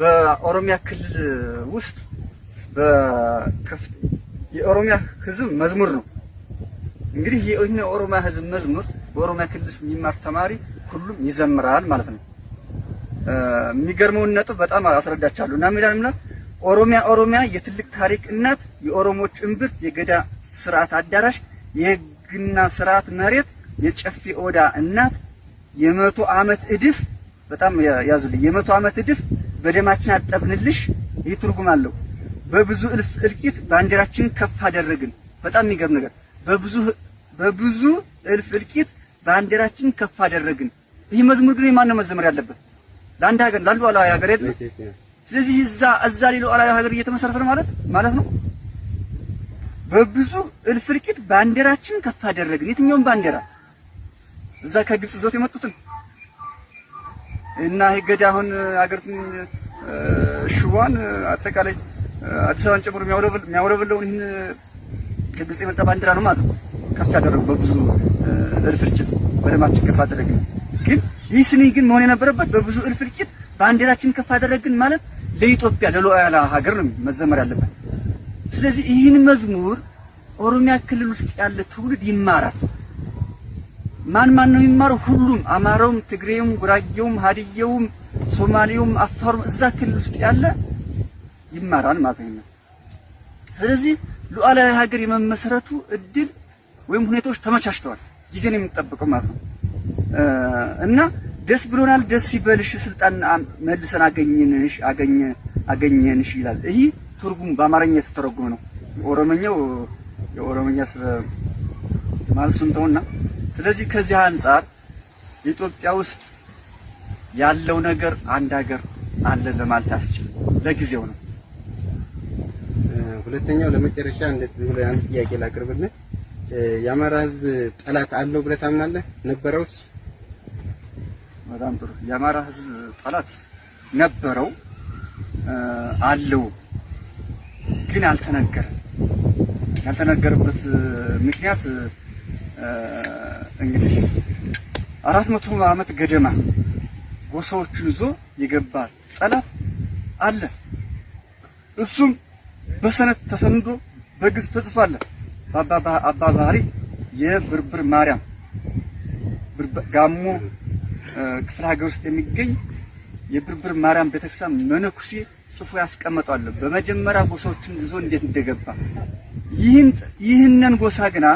በኦሮሚያ ክልል ውስጥ የኦሮሚያ ህዝብ መዝሙር ነው። እንግዲህ የኦሮሚያ ህዝብ መዝሙር በኦሮሚያ ክልል ውስጥ የሚማር ተማሪ ሁሉም ይዘምራል ማለት ነው። የሚገርመውን ነጥብ በጣም አስረዳቻለሁ እና ምን ይላል? ኦሮሚያ ኦሮሚያ የትልቅ ታሪክ እናት፣ የኦሮሞች እምብርት፣ የገዳ ስርዓት አዳራሽ፣ የህግና ስርዓት መሬት፣ የጨፌ ኦዳ እናት፣ የመቶ ዓመት እድፍ በጣም ያዙልኝ፣ የመቶ ዓመት እድፍ በደማችን አጠብንልሽ። ይህ ትርጉም አለው። በብዙ እልፍ እልቂት ባንዲራችን ከፍ አደረግን። በጣም የሚገርም ነገር። በብዙ በብዙ እልፍ እልቂት ባንዲራችን ከፍ አደረግን። ይህ መዝሙር ግን የማን ነው መዘመር ያለበት? ለአንድ ሀገር ላሉ አላዊ ሀገር የለም። ስለዚህ እዛ እዛ ሌሎ አላዊ ሀገር እየተመሰረተ ማለት ማለት ነው። በብዙ እልፍ እልቂት ባንዲራችን ከፍ አደረግን። የትኛውም ባንዲራ እዛ ከግብጽ ዞት የመጡትን እና ህገዳ አሁን አገሪቱን ሽዋን አጠቃላይ አዲስ አበባን ጨምሮ የሚያውለበለውን ይህን ከግብጽ የመጣ ባንዲራ ነው ማለት ነው። ከፍ ያደረጉ በብዙ እልፍ በደማችን ከፍ አደረግን። ግን ይህ ስኒ ግን መሆን የነበረበት በብዙ እልፍ ባንዲራችን ከፍ አደረግን ማለት ለኢትዮጵያ ለሉዓላዊ ሀገር ነው መዘመር ያለበት። ስለዚህ ይህን መዝሙር ኦሮሚያ ክልል ውስጥ ያለ ትውልድ ይማራል። ማን ማን ነው የሚማረው? ሁሉም አማራውም፣ ትግሬውም፣ ጉራጌውም፣ ሀዲየውም፣ ሶማሌውም፣ አፋሩም እዛ ክልል ውስጥ ያለ ይማራል ማለት ነው። ስለዚህ ሉዓላዊ ሀገር የመመሰረቱ እድል ወይም ሁኔታዎች ተመቻችተዋል። ጊዜን የምንጠብቀው ማለት ነው እና ደስ ብሎናል። ደስ ይበልሽ፣ ስልጣን መልሰን አገኘንሽ አገኘንሽ ይላል። ይህ ትርጉም በአማርኛ የተተረጉመ ነው። ኦሮመኛው የኦሮመኛ ማለት ስንተውና ስለዚህ ከዚህ አንጻር ኢትዮጵያ ውስጥ ያለው ነገር አንድ ሀገር አለ ለማለት አስችል ለጊዜው ነው። ሁለተኛው ለመጨረሻ አንድ ጥያቄ ላቅርብልህ። የአማራ ህዝብ ጠላት አለው ብለህ ታምናለህ? ነበረውስ? በጣም ጥሩ። የአማራ ሕዝብ ጠላት ነበረው አለው፣ ግን አልተነገረም። ያልተነገረበት ምክንያት እንግዲህ አራት መቶ ዓመት ገደማ ጎሳዎችን ይዞ የገባ ጠላት አለ። እሱም በሰነድ ተሰንዶ በግዝ ተጽፏል። አባ ባህሪ የብርብር ማርያም ጋሞ ክፍለ ሀገር ውስጥ የሚገኝ የብርብር ማርያም ቤተክርስቲያን መነኩሴ ጽፎ ያስቀመጧል። በመጀመሪያ ጎሳዎችን ይዞ እንዴት እንደገባ ይህንን ጎሳ ግና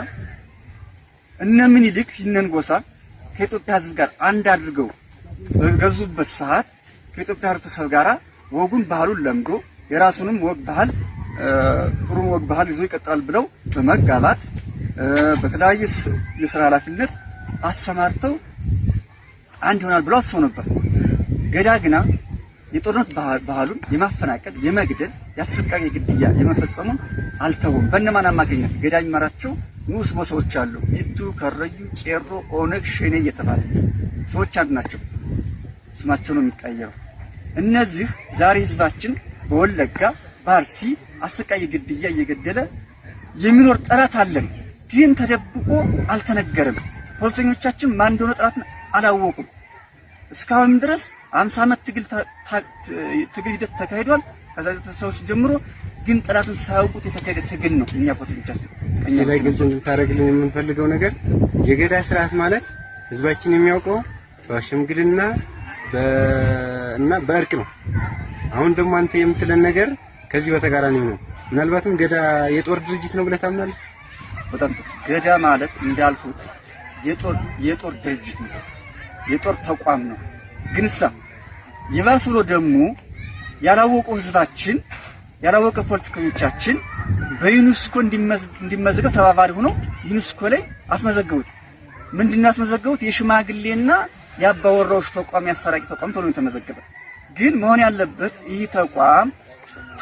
እነ ምኒልክ ይህንን ጎሳ ከኢትዮጵያ ሕዝብ ጋር አንድ አድርገው በገዙበት ሰዓት ከኢትዮጵያ ህብረተሰብ ጋራ ወጉን ባህሉን ለምዶ የራሱንም ወግ ባህል ጥሩን ወግ ባህል ይዞ ይቀጥላል ብለው በመጋባት በተለያየ የስራ ኃላፊነት አሰማርተው አንድ ይሆናል ብለው አስበው ነበር። ገዳ ግና የጦርነት ባህሉን የማፈናቀል፣ የመግደል፣ የአሰቃቂ ግድያ የመፈጸሙን አልተውም። በእነማን አማካኝነት ገዳ የሚመራቸው ንዑስ መሶዎች አሉ። ይቱ ከረዩ፣ ቄሮ፣ ኦነግ፣ ሸኔ እየተባለ ሰዎች አንድ ናቸው። ስማቸው ነው የሚቀየረው። እነዚህ ዛሬ ህዝባችን በወለጋ ባርሲ አሰቃቂ ግድያ እየገደለ የሚኖር ጠላት አለን፣ ግን ተደብቆ አልተነገረም። ፖለቲከኞቻችን ማን እንደሆነ ጠላትን አላወቁም። እስካሁንም ድረስ 50 ዓመት ትግል ትግል ሂደት ተካሂዷል። ከዛ ሰዎች ጀምሮ ግን ጠላትን ሳያውቁት የተካሄደ ትግል ነው። እኛ ፖለቲከኞቻችን እዚህ ላይ ግልጽ እንድታደርግልን የምንፈልገው ነገር የገዳ ስርዓት ማለት ህዝባችን የሚያውቀው በሽምግልና እና በእርቅ ነው። አሁን ደግሞ አንተ የምትለን ነገር ከዚህ በተቃራኒ ነው። ምናልባትም ገዳ የጦር ድርጅት ነው ብለህ ታምናለህ? በጣም ገዳ ማለት እንዳልኩት የጦር የጦር ድርጅት ነው፣ የጦር ተቋም ነው። ግን እሳ ይባስ ብሎ ደግሞ ያላወቁ ህዝባችን ያላወቀ ፖለቲከኞቻችን በዩኒስኮ እንዲመዘገብ ተባባሪ ሆኖ ዩኒስኮ ላይ አስመዘገቡት። ምንድነው ያስመዘገቡት? የሽማግሌና የአባወራዎች ተቋም ያሰራቂ ተቋም ተብሎ የተመዘገበ ግን መሆን ያለበት ይህ ተቋም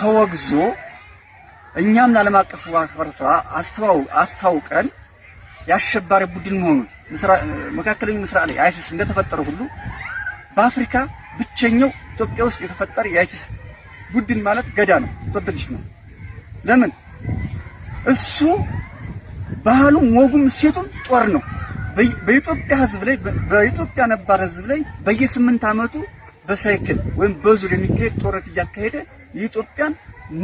ተወግዞ እኛም ለዓለም አቀፉ ማህበረሰብ አስታውቀን የአሸባሪ ቡድን መሆኑን መካከለኛው ምስራቅ ላይ አይሲስ እንደተፈጠረ ሁሉ በአፍሪካ ብቸኛው ኢትዮጵያ ውስጥ የተፈጠረ የአይሲስ ቡድን ማለት ገዳ ነው፣ ቶተሊሽ ነው። ለምን እሱ ባህሉም ወጉም እሴቱም ጦር ነው። በኢትዮጵያ ህዝብ ላይ በኢትዮጵያ ነባር ህዝብ ላይ በየስምንት ዓመቱ በሳይክል ወይም በዙር የሚካሄድ ጦርነት እያካሄደ የኢትዮጵያን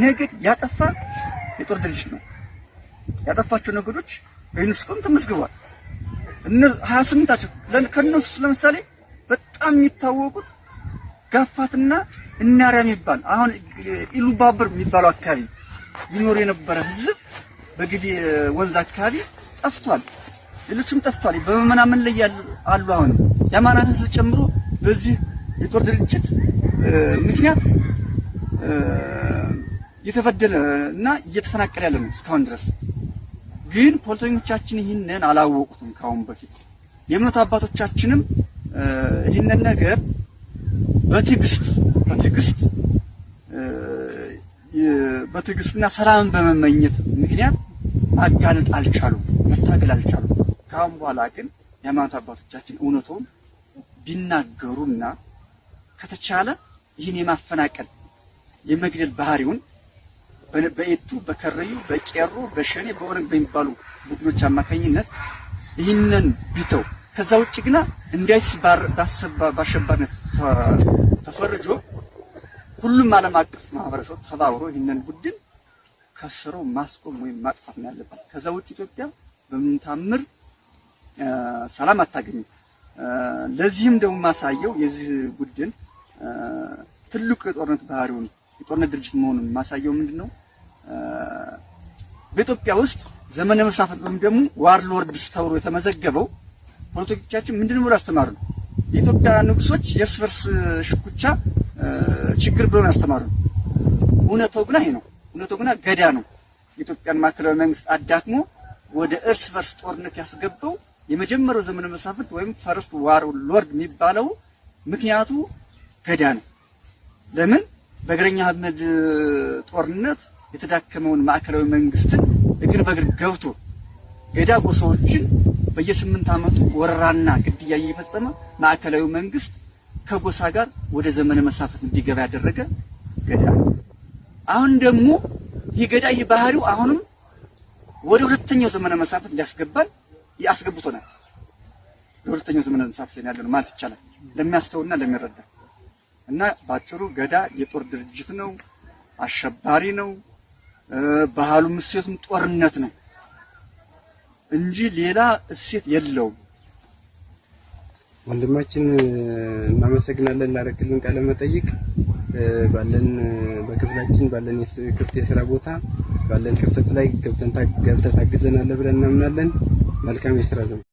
ነገድ ያጠፋ የጦር ድርጅት ነው። ያጠፋቸው ነገዶች በዩኒስኮም ተመዝግቧል። እነ 28 ለን ከነሱ ለምሳሌ በጣም የሚታወቁት ጋፋትና እናሪያ የሚባል አሁን ኢሉባብር የሚባለው አካባቢ ይኖር የነበረ ህዝብ በግዴ ወንዝ አካባቢ ጠፍቷል፣ ሌሎችም ጠፍቷል። በመመናመን ላይ አሉ። አሁን የአማራን ሕዝብ ጨምሮ በዚህ የጦር ድርጅት ምክንያት እየተበደለ እና እየተፈናቀለ ያለ ነው። እስካሁን ድረስ ግን ፖለቲከኞቻችን ይህንን አላወቁትም። ካሁን በፊት የእምነት አባቶቻችንም ይህንን ነገር በትዕግስት በትዕግስት በትዕግስትና ሰላምን በመመኘት ምክንያት ማጋለጥ አልቻሉም፣ መታገል አልቻሉም። ከአሁን በኋላ ግን የሃይማኖት አባቶቻችን እውነቱን ቢናገሩና ከተቻለ ይህን የማፈናቀል የመግደል ባህሪውን በኤቱ በከረዩ በቄሮ በሸኔ በኦነግ በሚባሉ ቡድኖች አማካኝነት ይህንን ቢተው ከዛ ውጭ ግና እንዳይስ በአሸባሪነት ተፈርጆ ሁሉም ዓለም አቀፍ ማህበረሰብ ተባብሮ ይህንን ቡድን ከስሮ ማስቆም ወይም ማጥፋት ነው ያለባት። ከዛ ውጭ ኢትዮጵያ በምንታምር ሰላም አታገኝም። ለዚህም ደግሞ ማሳየው የዚህ ቡድን ትልቁ የጦርነት ባህሪውን የጦርነት ድርጅት መሆኑን ማሳየው ምንድን ነው? በኢትዮጵያ ውስጥ ዘመነ መሳፍንት ወይም ደግሞ ዋርሎርድስ ተብሎ የተመዘገበው ፖለቲኮቻችን ምንድን ብሎ ያስተማሩ ነው? የኢትዮጵያ ንጉሶች የእርስ በርስ ሽኩቻ ችግር ብሎ ያስተማሩ ነው። እውነታው ግን ይሄ ነው። እውነቱ ግና ገዳ ነው። የኢትዮጵያን ማዕከላዊ መንግስት አዳክሞ ወደ እርስ በርስ ጦርነት ያስገባው የመጀመሪያው ዘመነ መሳፍንት ወይም ፈርስት ዋር ሎርድ የሚባለው ምክንያቱ ገዳ ነው። ለምን በእግረኛ አህመድ ጦርነት የተዳከመውን ማዕከላዊ መንግስትን እግር በእግር ገብቶ ገዳ ጎሳዎችን በየስምንት ዓመቱ ወረራና ግድያ እየፈጸመ ማዕከላዊ መንግስት ከጎሳ ጋር ወደ ዘመነ መሳፍንት እንዲገባ ያደረገ ገዳ ነው። አሁን ደግሞ የገዳይ ባህሪው አሁንም ወደ ሁለተኛው ዘመነ መሳፍንት ሊያስገባን ያስገብቶናል። ለሁለተኛው ዘመነ መሳፍንት ያለነው ማለት ይቻላል ለሚያስተውና ለሚረዳ እና ባጭሩ ገዳ የጦር ድርጅት ነው፣ አሸባሪ ነው፣ ባህሉ እሴቱም ጦርነት ነው እንጂ ሌላ እሴት የለውም። ወንድማችን እናመሰግናለን ላደረግልን ቃለ መጠይቅ ባለን በክፍላችን ባለን ክፍት የስራ ቦታ ባለን ክፍተት ላይ ገብተን ታግዘናለ ብለን እናምናለን። መልካም የስራ ዘመን